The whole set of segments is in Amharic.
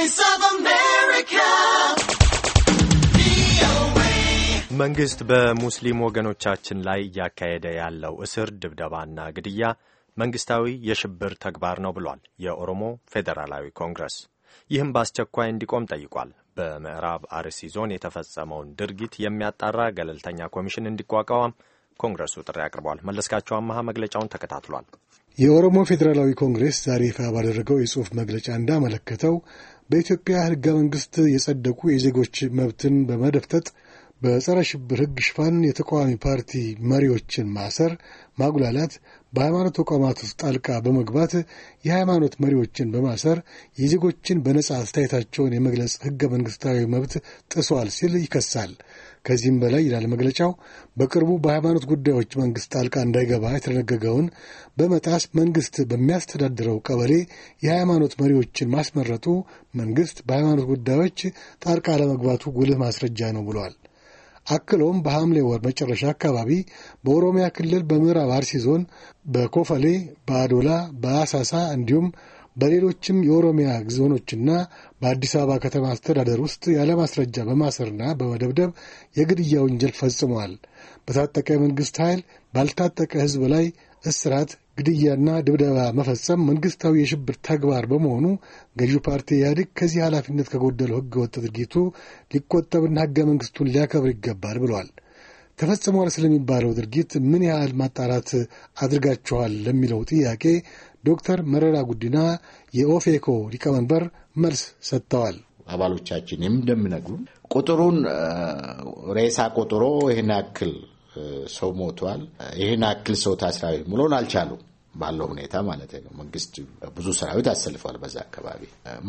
Voice of America. መንግስት በሙስሊም ወገኖቻችን ላይ እያካሄደ ያለው እስር፣ ድብደባና ግድያ መንግስታዊ የሽብር ተግባር ነው ብሏል የኦሮሞ ፌዴራላዊ ኮንግረስ። ይህም በአስቸኳይ እንዲቆም ጠይቋል። በምዕራብ አርሲ ዞን የተፈጸመውን ድርጊት የሚያጣራ ገለልተኛ ኮሚሽን እንዲቋቋም ኮንግረሱ ጥሪ አቅርበዋል። መለስካቸው አመሃ መግለጫውን ተከታትሏል። የኦሮሞ ፌዴራላዊ ኮንግሬስ ዛሬ ይፋ ባደረገው የጽሑፍ መግለጫ እንዳመለከተው በኢትዮጵያ ሕገ መንግሥት የጸደቁ የዜጎች መብትን በመደፍጠጥ በጸረ ሽብር ሕግ ሽፋን የተቃዋሚ ፓርቲ መሪዎችን ማሰር፣ ማጉላላት፣ በሃይማኖት ተቋማት ውስጥ ጣልቃ በመግባት የሃይማኖት መሪዎችን በማሰር የዜጎችን በነጻ አስተያየታቸውን የመግለጽ ሕገ መንግሥታዊ መብት ጥሷል ሲል ይከሳል። ከዚህም በላይ ይላል መግለጫው፣ በቅርቡ በሃይማኖት ጉዳዮች መንግሥት ጣልቃ እንዳይገባ የተደነገገውን በመጣስ መንግሥት በሚያስተዳድረው ቀበሌ የሃይማኖት መሪዎችን ማስመረጡ መንግሥት በሃይማኖት ጉዳዮች ጣልቃ ለመግባቱ ጉልህ ማስረጃ ነው ብሏል። አክሎም በሐምሌ ወር መጨረሻ አካባቢ በኦሮሚያ ክልል በምዕራብ አርሲ ዞን በኮፈሌ፣ በአዶላ፣ በአሳሳ እንዲሁም በሌሎችም የኦሮሚያ ዞኖችና በአዲስ አበባ ከተማ አስተዳደር ውስጥ ያለ ማስረጃ በማሰርና በመደብደብ የግድያ ወንጀል ፈጽሟል። በታጠቀ የመንግሥት ኃይል ባልታጠቀ ሕዝብ ላይ እስራት፣ ግድያና ድብደባ መፈጸም መንግስታዊ የሽብር ተግባር በመሆኑ ገዢው ፓርቲ ኢህአዴግ ከዚህ ኃላፊነት ከጎደለው ህገወጥ ድርጊቱ ሊቆጠብና ህገ መንግስቱን ሊያከብር ይገባል ብለዋል። ተፈጽሟል ስለሚባለው ድርጊት ምን ያህል ማጣራት አድርጋችኋል ለሚለው ጥያቄ ዶክተር መረራ ጉዲና የኦፌኮ ሊቀመንበር መልስ ሰጥተዋል። አባሎቻችን የምንደምነግሩ ቁጥሩን ሬሳ ቁጥሮ ይህን ያክል ሰው ሞቷል፣ ይህን አክል ሰው ታስራዊ ምሎን አልቻሉ ባለው ሁኔታ ማለት ነው። መንግስት ብዙ ሰራዊት አሰልፏል በዛ አካባቢ።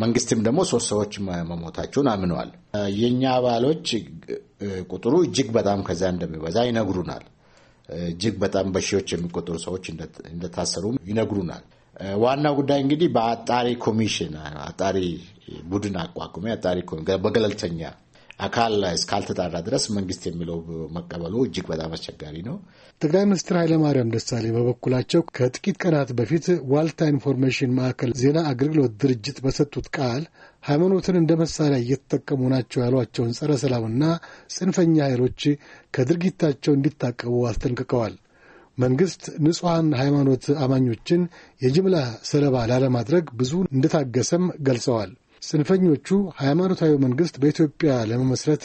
መንግስትም ደግሞ ሶስት ሰዎች መሞታቸውን አምነዋል። የእኛ አባሎች ቁጥሩ እጅግ በጣም ከዛ እንደሚበዛ ይነግሩናል። እጅግ በጣም በሺዎች የሚቆጠሩ ሰዎች እንደታሰሩ ይነግሩናል። ዋናው ጉዳይ እንግዲህ በአጣሪ ኮሚሽን አጣሪ ቡድን አቋቁሜ አጣሪ በገለልተኛ አካል እስካልተጣራ ድረስ መንግስት የሚለው መቀበሉ እጅግ በጣም አስቸጋሪ ነው። ጠቅላይ ሚኒስትር ኃይለማርያም ደሳሌ በበኩላቸው ከጥቂት ቀናት በፊት ዋልታ ኢንፎርሜሽን ማዕከል ዜና አገልግሎት ድርጅት በሰጡት ቃል ሃይማኖትን እንደ መሳሪያ እየተጠቀሙ ናቸው ያሏቸውን ጸረ ሰላምና ጽንፈኛ ኃይሎች ከድርጊታቸው እንዲታቀቡ አስጠንቅቀዋል። መንግስት ንጹሐን ሃይማኖት አማኞችን የጅምላ ሰለባ ላለማድረግ ብዙ እንደታገሰም ገልጸዋል። ጽንፈኞቹ ሃይማኖታዊ መንግስት በኢትዮጵያ ለመመስረት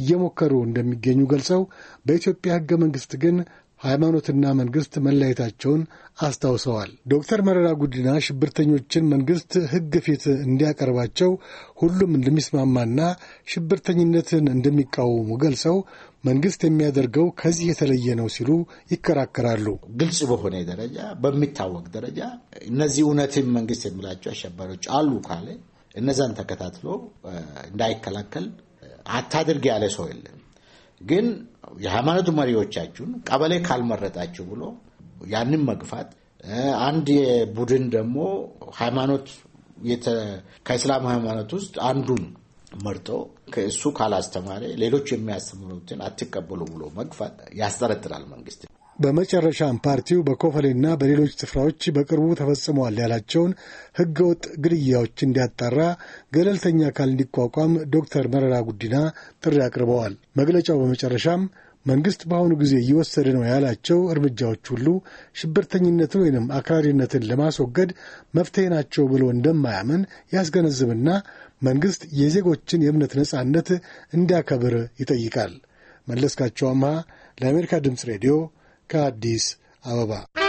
እየሞከሩ እንደሚገኙ ገልጸው በኢትዮጵያ ህገ መንግስት ግን ሃይማኖትና መንግስት መለየታቸውን አስታውሰዋል። ዶክተር መረራ ጉዲና ሽብርተኞችን መንግስት ህግ ፊት እንዲያቀርባቸው ሁሉም እንደሚስማማና ሽብርተኝነትን እንደሚቃወሙ ገልጸው መንግስት የሚያደርገው ከዚህ የተለየ ነው ሲሉ ይከራከራሉ። ግልጽ በሆነ ደረጃ በሚታወቅ ደረጃ እነዚህ እውነትም መንግስት የሚላቸው አሸባሪዎች አሉ ካለ እነዛን ተከታትሎ እንዳይከላከል አታድርግ ያለ ሰው የለም። ግን የሃይማኖት መሪዎቻችሁን ቀበሌ ካልመረጣችሁ ብሎ ያንን መግፋት አንድ ቡድን ደግሞ ሃይማኖት ከእስላም ሃይማኖት ውስጥ አንዱን መርጦ ከእሱ ካላስተማረ ሌሎች የሚያስተምሩትን አትቀበሉ ብሎ መግፋት ያስጠረጥራል መንግስት። በመጨረሻም ፓርቲው በኮፈሌና በሌሎች ስፍራዎች በቅርቡ ተፈጽመዋል ያላቸውን ህገወጥ ግድያዎች እንዲያጣራ ገለልተኛ አካል እንዲቋቋም ዶክተር መረራ ጉዲና ጥሪ አቅርበዋል። መግለጫው በመጨረሻም መንግስት በአሁኑ ጊዜ እየወሰደ ነው ያላቸው እርምጃዎች ሁሉ ሽብርተኝነትን ወይንም አክራሪነትን ለማስወገድ መፍትሄ ናቸው ብሎ እንደማያምን ያስገነዝብና መንግስት የዜጎችን የእምነት ነጻነት እንዲያከብር ይጠይቃል። መለስካቸው አምሃ ለአሜሪካ ድምፅ ሬዲዮ ከአዲስ አበባ